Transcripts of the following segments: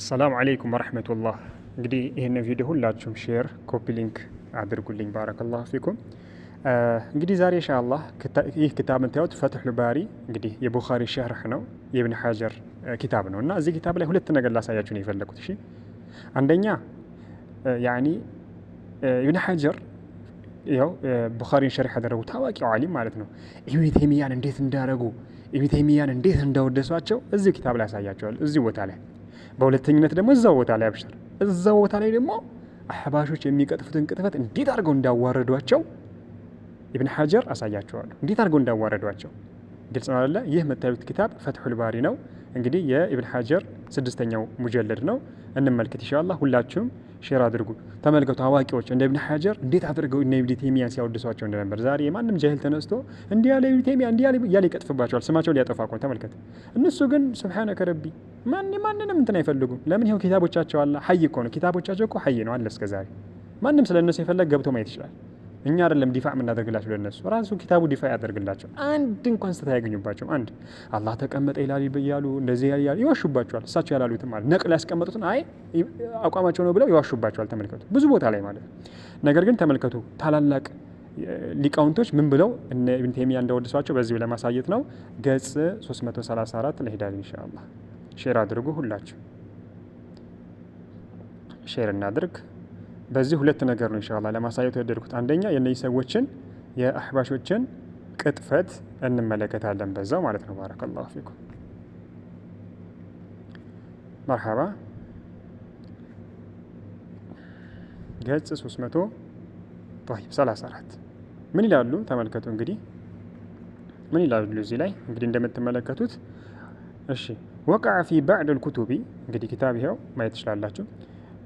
አሰላሙ አለይኩም ወረሕመቱላህ። እንግዲህ ይህን ቪዲዮ ሁላችሁም ሼር፣ ኮፒ ሊንክ አድርጉልኝ። ባረከላሁ ፊኩም። እንግዲህ ዛሬ ኢንሻአላህ ይህ ክታብ የምታዩት ፈትሑል ባሪ እንግዲህ የቡኻሪ ሸርሕ ነው፣ የኢብን ሐጀር ኪታብ ነው እና እዚህ ኪታብ ላይ ሁለት ነገር ላሳያችሁ ነው የፈለኩት። እሺ አንደኛ ያኒ ኢብን ሐጀር ያው ቡኻሪን ሸርሕ ያደረጉ ታዋቂው ዓሊም ማለት ነው። ኢብን ተይሚያን እንዴት እንዳረጉ ኢብን ተይሚያን እንዴት እንዳወደሷቸው እዚህ ኪታብ ላይ ያሳያቸዋል እዚህ ቦታ ላይ በሁለተኝነት ደግሞ እዛው ቦታ ላይ አብሽር እዛው ቦታ ላይ ደግሞ አህባሾች የሚቀጥፉትን ቅጥፈት እንዴት አድርገው እንዳዋረዷቸው ኢብን ሀጀር አሳያቸዋለሁ። እንዴት አድርገው እንዳዋረዷቸው ግልጽ ነው አለ። ይህ የምታዩት ኪታብ ፈትሑል ባሪ ነው። እንግዲህ የኢብን ሀጀር ስድስተኛው ሙጀለድ ነው። እንመልከት ኢንሻአላህ ሁላችሁም ሼር አድርጉ። ተመልከቱ አዋቂዎች እንደ ኢብን ሀጀር እንዴት አድርገው እነ ኢብን ቴሚያን ሲያወድሷቸው እንደነበር ዛሬ ማንም ጃሂል ተነስቶ እንዲህ ያለ ኢብን ቴሚያ እንዲህ ያለ ይቀጥፍባቸዋል። ስማቸው ሊያጠፋ እኮ ተመልከት። እነሱ ግን ስብሓነከ ረቢ ማን ማንንም እንትን አይፈልጉም። ለምን ይኸው ኪታቦቻቸው አለ ሀይ እኮ ነው ኪታቦቻቸው እኮ ሀይ ነው አለ እስከ ዛሬ ማንም ስለ እነሱ የፈለግ ገብቶ ማየት ይችላል። እኛ አይደለም ዲፋ የምናደርግላቸው ለነሱ ራሱ ኪታቡ ዲፋ ያደርግላቸው። አንድ እንኳን ስህተት አያገኙባቸውም። አንድ አላህ ተቀመጠ ይላል እያሉ እንደዚህ ያሉ ይዋሹባቸዋል። እሳቸው ያላሉትም ማለት ነቅል ያስቀመጡትን አይ አቋማቸው ነው ብለው ይዋሹባቸዋል። ተመልከቱ፣ ብዙ ቦታ ላይ ማለት ነገር ግን ተመልከቱ ታላላቅ ሊቃውንቶች ምን ብለው እነ ኢብን ቴሚያ እንደወደሷቸው በዚህ ለማሳየት ነው። ገጽ 334 ለሄዳል ኢንሻአላህ ሼር አድርጉ ሁላችሁ ሼር እናድርግ። በዚህ ሁለት ነገር ነው እንሻላ ለማሳየት የወደድኩት። አንደኛ የእነዚህ ሰዎችን የአህባሾችን ቅጥፈት እንመለከታለን በዛው ማለት ነው። ባረከላሁ ፊኩም። መርሐባ ገጽ 300 34 ምን ይላሉ ተመልከቱ። እንግዲህ ምን ይላሉ እዚህ ላይ እንግዲህ እንደምትመለከቱት እሺ ወቃ ፊ ባዕድ ልኩቱቢ እንግዲህ ኪታብ ይኸው ማየት ትችላላችሁ።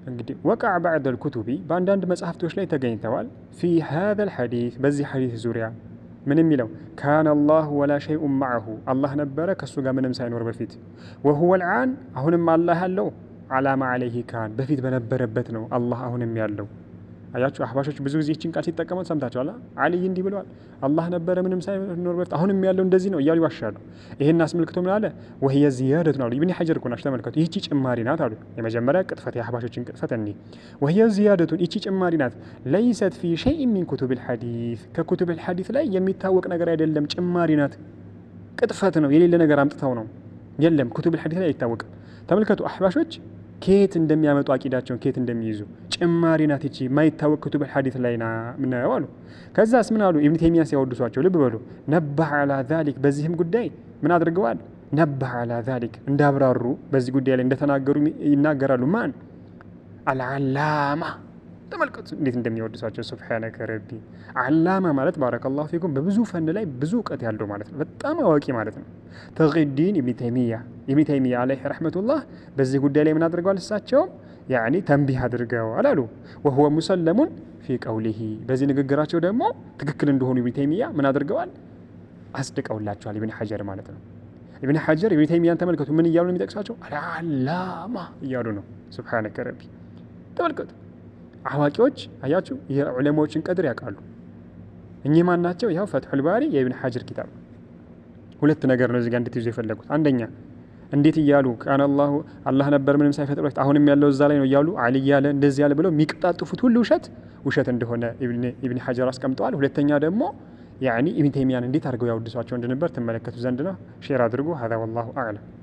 እንግዲህ ወቃ ባዕደል ኩቱቢ በአንዳንድ መጽሐፍቶች ላይ ተገኝተዋል። ፊ ሀዘል ሐዲስ በዚህ ሐዲስ ዙሪያ ምን የሚለው ካነ አላህ ወላ ሸይኡን ማዐሁ አላህ ነበረ ከእሱ ጋር ምንም ሳይኖር በፊት ወሁወ ልአን አሁንም አላህ ያለው አላማ አለይህ ካን በፊት በነበረበት ነው አላህ አሁንም ያለው አያችሁ አህባሾች ብዙ ጊዜ ይህችን ቃል ሲጠቀሙት ሰምታችኋል። አልይ እንዲህ ብለዋል፣ አላህ ነበረ ምንም ሳይኖር በፊት አሁንም ያለው እንደዚህ ነው እያሉ ይዋሻሉ። ይህን አስመልክቶ ምን አለ? ወህየ ዚያደቱ አሉ ኢብኒ ሐጀር ኮናች ተመልከቱ፣ ይቺ ጭማሪ ናት አሉ። የመጀመሪያ ቅጥፈት፣ የአህባሾችን ቅጥፈት እኒ ወህየ ዚያደቱን ይቺ ጭማሪ ናት። ለይሰት ፊ ሸይ ሚን ኩቱብ ልሐዲት ከኩቱብ ልሐዲት ላይ የሚታወቅ ነገር አይደለም፣ ጭማሪ ናት፣ ቅጥፈት ነው፣ የሌለ ነገር አምጥተው ነው። የለም ኩቱብ ልሐዲት ላይ አይታወቅም። ተመልከቱ አህባሾች ከየት እንደሚያመጡ አቂዳቸውን ከየት እንደሚይዙ ጭማሪ ናት ይቺ ማይታወቅ ክቱብ ሐዲት ላይ ምናየው አሉ። ከዛስ ምን አሉ? ኢብን ተይሚያ ሲያወድሷቸው ልብ በሉ ነባህ አላ ዛሊክ በዚህም ጉዳይ ምን አድርገዋል? ነባህ አላ ዛሊክ እንዳብራሩ በዚህ ጉዳይ ላይ እንደተናገሩ ይናገራሉ። ማን አልዓላማ ተመልከቱ እንዴት እንደሚወድሳቸው ስብሓነ ከረቢ አላማ ማለት ባረከላሁ ፊኩም በብዙ ፈን ላይ ብዙ እውቀት ያለው ማለት ነው። በጣም አዋቂ ማለት ነው። ተቂዲን ኢብን ተይሚያ ኢብን ተይሚያ አለይህ ረሕመቱላህ በዚህ ጉዳይ ላይ ምን አድርገዋል? እሳቸውም ያኒ ተንቢህ አድርገዋል አሉ። ወሁወ ሙሰለሙን ፊ ቀውሊሂ በዚህ ንግግራቸው ደግሞ ትክክል እንደሆኑ ኢብን ተይሚያ ምን አድርገዋል? አስድቀውላቸዋል። ኢብን ሐጀር ማለት ነው። ኢብን ሐጀር ኢብን ተይሚያን ተመልከቱ፣ ምን እያሉ ነው የሚጠቅሳቸው? አላማ እያሉ ነው። ስብሓነ ከረቢ ተመልከቱ አዋቂዎች አያችሁ የዑለማዎችን ቀድር ያውቃሉ። እኚህ ማን ናቸው? ይኸው ፈትሑል ባሪ የኢብን ሐጀር ኪታብ። ሁለት ነገር ነው እዚጋ እንዴት ይዞ የፈለጉት። አንደኛ እንዴት እያሉ ቃን አላሁ አላህ ነበር ምንም ሳይፈጥር በፊት አሁንም ያለው እዛ ላይ ነው እያሉ አሊ ያለ እንደዚህ ያለ ብለው የሚቀጣጥፉት ሁሉ ውሸት ውሸት እንደሆነ ኢብን ሐጀር አስቀምጠዋል። ሁለተኛ ደግሞ ያኒ ኢብን ተይሚያን እንዴት አድርገው ያወድሷቸው እንደነበር ትመለከቱ ዘንድ ነው። ሼር አድርጉ። ሀዛ ወላሁ አዕለም።